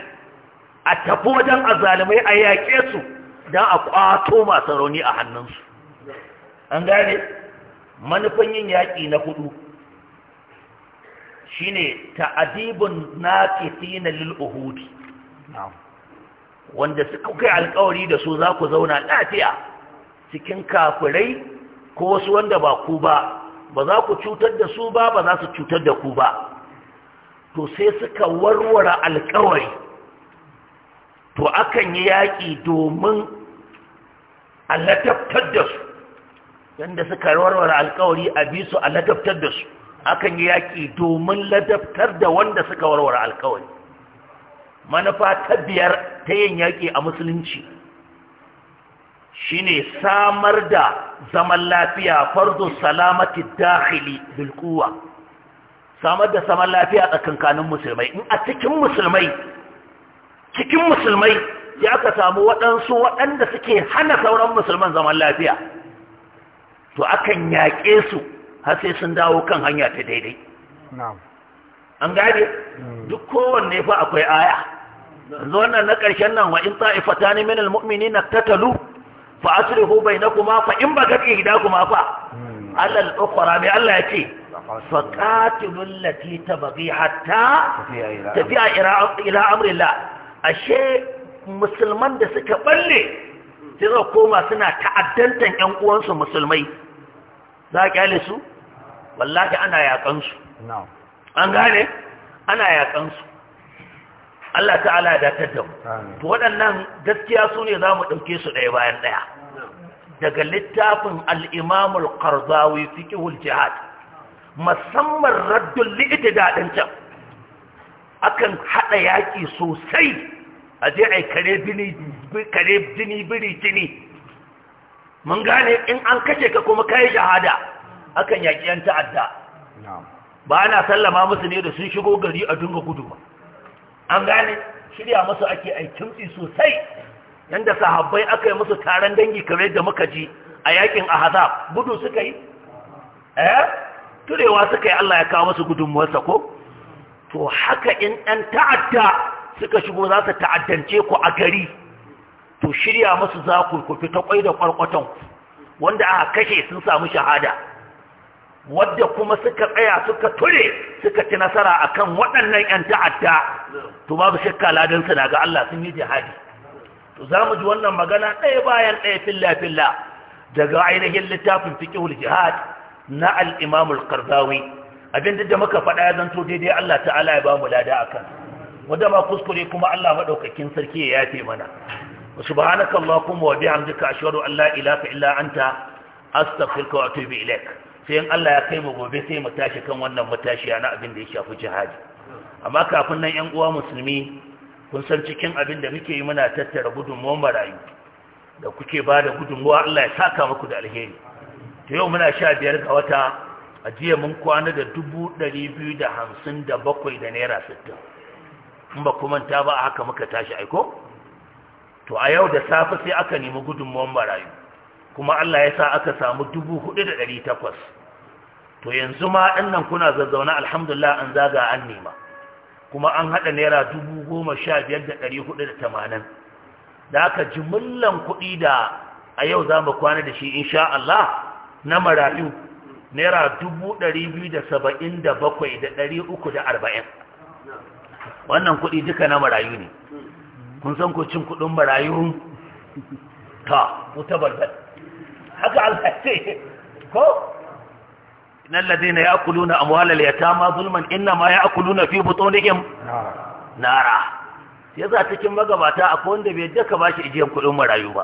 S2: a tafi wajen azalimai a yaƙe su don a ƙwato masu rauni a hannunsu an gane manufan yin yaƙi na hudu shine na ke lil uhud wanda suka kai alkawari da su za ku zauna lafiya cikin kafirai ko wasu wanda ba ku ba ba za ku cutar da su ba ba za su cutar da ku ba to sai suka warware alƙawari, to akan yi yaƙi domin a da su yadda suka warware alkawari a bisu su a ladabtar da su akan yi yaƙi domin ladabtar da wanda suka warware alkawari manufa ta biyar ta yin yaƙi a musulunci shine samar da zaman lafiya fardu salamati dakhili bilkuwa samar da saman lafiya a tsakankanin musulmai in a cikin musulmai cikin musulmai ya ka samu waɗansu waɗanda suke hana sauran musulman zaman lafiya to akan yaƙe su har sai sun dawo kan hanya ta daidai an gane hmm. duk kowanne fa akwai aya yanzu wannan na ƙarshen nan wa in ta'ifata ne min almu'mini na tatalu fa na kuma fa in gida kuma fa hmm. alal ukhra mai Allah ya ce faƙatulun lati ta baƙi hatta tafiya ila amurila ashe musulman da suka balle sai zai koma suna ta'addantan ƴan uwansu musulmai za a kyale su wallahi ana yaƙansu an gane ana yaƙansu Allah ta'ala ya datar da mu to waɗannan gaskiya su ne za mu ɗauke su ɗaya bayan ɗaya daga littafin al'imamul ƙarzawi fikihul jihad musamman raddun li'ita daɗin can akan haɗa yaƙi sosai a je a kare jini biri jini mun gane in an kashe ka kuma kayi shahada akan yaƙi yan ta'adda ba ana sallama musu ne da sun shigo gari a dunga gudu ba an gane shirya musu ake aikin sosai yanda sahabbai aka yi musu taron dangi kamar da muka ji a yakin ahzab gudu suka yi eh turewa suka yi Allah ya kawo masu gudunmuwarsa ko to haka in ɗan ta'adda suka shigo za su ta'addance ku a gari to shirya musu za ku ku ta kwai da kwarkwatan wanda aka kashe sun samu shahada wadda kuma suka tsaya suka ture suka ci nasara akan waɗannan 'yan ta'adda to babu shakka ladansu na ga Allah sun yi jihadi to za mu ji wannan magana ɗaya bayan ɗaya filla filla daga ainihin littafin fiqhul jihad na al'imamul imam abin da muka faɗa ya zanto daidai Allah ta'ala ya ba mu lada akan wanda ma kuskure kuma Allah maɗaukakin sarki ya yafe mana subhanaka allahumma wa bihamdika ashhadu an la ilaha illa anta astaghfiruka wa atubu Ilek. sai in Allah ya kai mu gobe sai mu tashi kan wannan matashiya na abin da ya shafi jihadi amma kafin nan yan uwa musulmi kun san cikin abin da muke yi muna tattara gudunmuwan marayu da kuke ba da gudunmuwa Allah ya saka muku da alheri To yau muna sha biyar ga wata a jiya mun kwana da dubu ɗari biyu da hamsin da bakwai da naira sittin in ba kuma ta ba a haka muka tashi aiko to a yau da safe sai aka nemi gudunmuwan marayu kuma allah ya sa aka samu dubu hudu da ɗari takwas to yanzu ma ɗan nan kuna zazzauna alhamdulillah an zaga an nema kuma an haɗa naira dubu goma sha biyar da ɗari hudu da tamanin da aka jimillan kuɗi da a yau za mu kwana da shi insha Allah na marayu naira dubu ɗari biyu da saba'in da bakwai da ɗari uku da arba'in wannan kuɗi duka na marayu ne kun san ko cin kuɗin marayu ta wuta balbal haka Allah ce ko ina ma ya akulu na fi buto ne في nara نارا yasa cikin magabata akwai wanda bai daka bashi ijiyar kuɗin marayu ba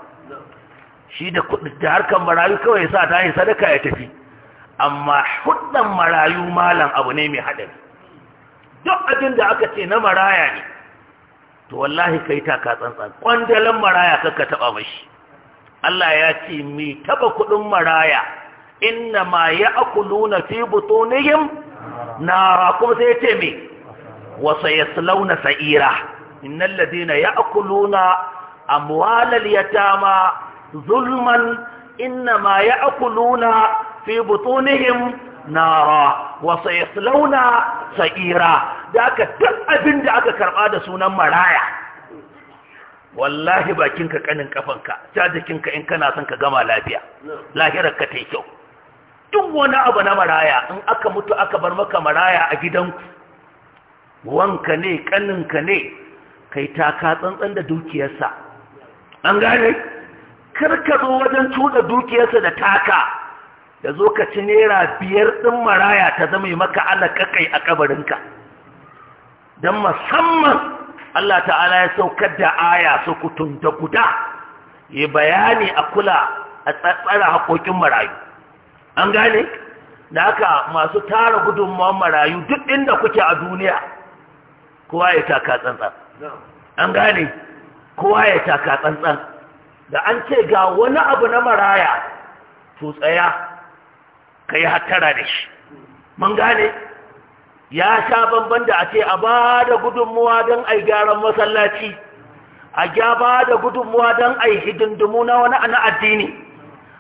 S2: shi da da harkar marayu kawai sa ta yi sadaka ya tafi amma huddan marayu malam abu ne mai haɗari duk abin da aka ce na maraya ne to wallahi kai taka tsantsan kwandalan maraya kakka taba mashi Allah ya ce mai taba kudin maraya inna ma ya'kuluna fi butunihim nara kuma sai ya ce me ya sayaslawna sa'ira innal ladina ya'kuluna amwalal yatama zulman inna ma ya'kuluna fi butunihim nara wa sayaslawna sa'ira da aka duk abin da aka karba da sunan maraya wallahi bakinka kanin kafanka ka in kana son ka gama lafiya lahirar ka tai kyau duk wani abu na maraya in aka mutu aka bar maka maraya a gidanku wanka ne kaninka ne kai taka tsantsan da dukiyarsa an gane kar ka zo wajen tuda dukiyarsa da taka da zo ka ci nera biyar ɗin maraya ta zama maka alaƙaƙai a ƙabarinka don musamman Allah ta'ala ya saukar da aya su kutun da guda ya bayani a kula a tsatsara haƙoƙin marayu an gane da haka masu tara gudunmawar marayu duk inda kuke a duniya kowa ya taka tsantsan an gane kowa ya taka tsantsan da an ce ga wani abu na maraya to tsaya ka yi hattara da shi mun gane ya sha bamban da a ce a ba da gudunmuwa don a yi gyaran masallaci a ja ba da gudunmuwa don a yi hidindimu na wani ana addini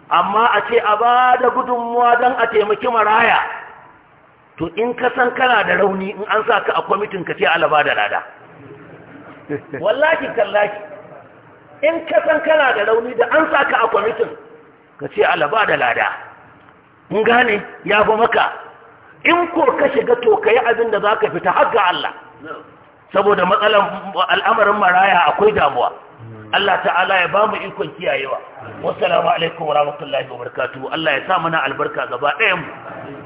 S2: amma a ce a ba da gudunmuwa don a taimaki maraya to in ka san kana da rauni in an sa ka a kwamitin ka ce alaba da lada [LAUGHS] wallahi kallahi in ka san kana da rauni da an saka a kwamitin ka ce alaba da lada in gane ya fi maka in ko ka shiga to ka yi abin da za ka fita har Allah saboda matsalan al'amarin maraya akwai damuwa Allah ta'ala ya ba mu ikon kiyayewa wassalamu alaikum wa rahmatullahi wa barakatuhu Allah ya sa mana albarka gaba ɗayan mu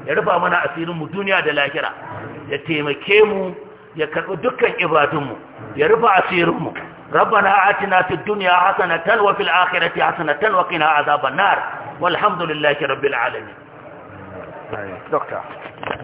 S2: ya rufa mana asirin mu duniya da lahira ya taimake mu ya karɓi dukkan ibadun mu ya rufa asirin mu ربنا آتنا في الدنيا حسنة وفي الآخرة حسنة وقنا عذاب النار والحمد لله رب العالمين
S1: دكتور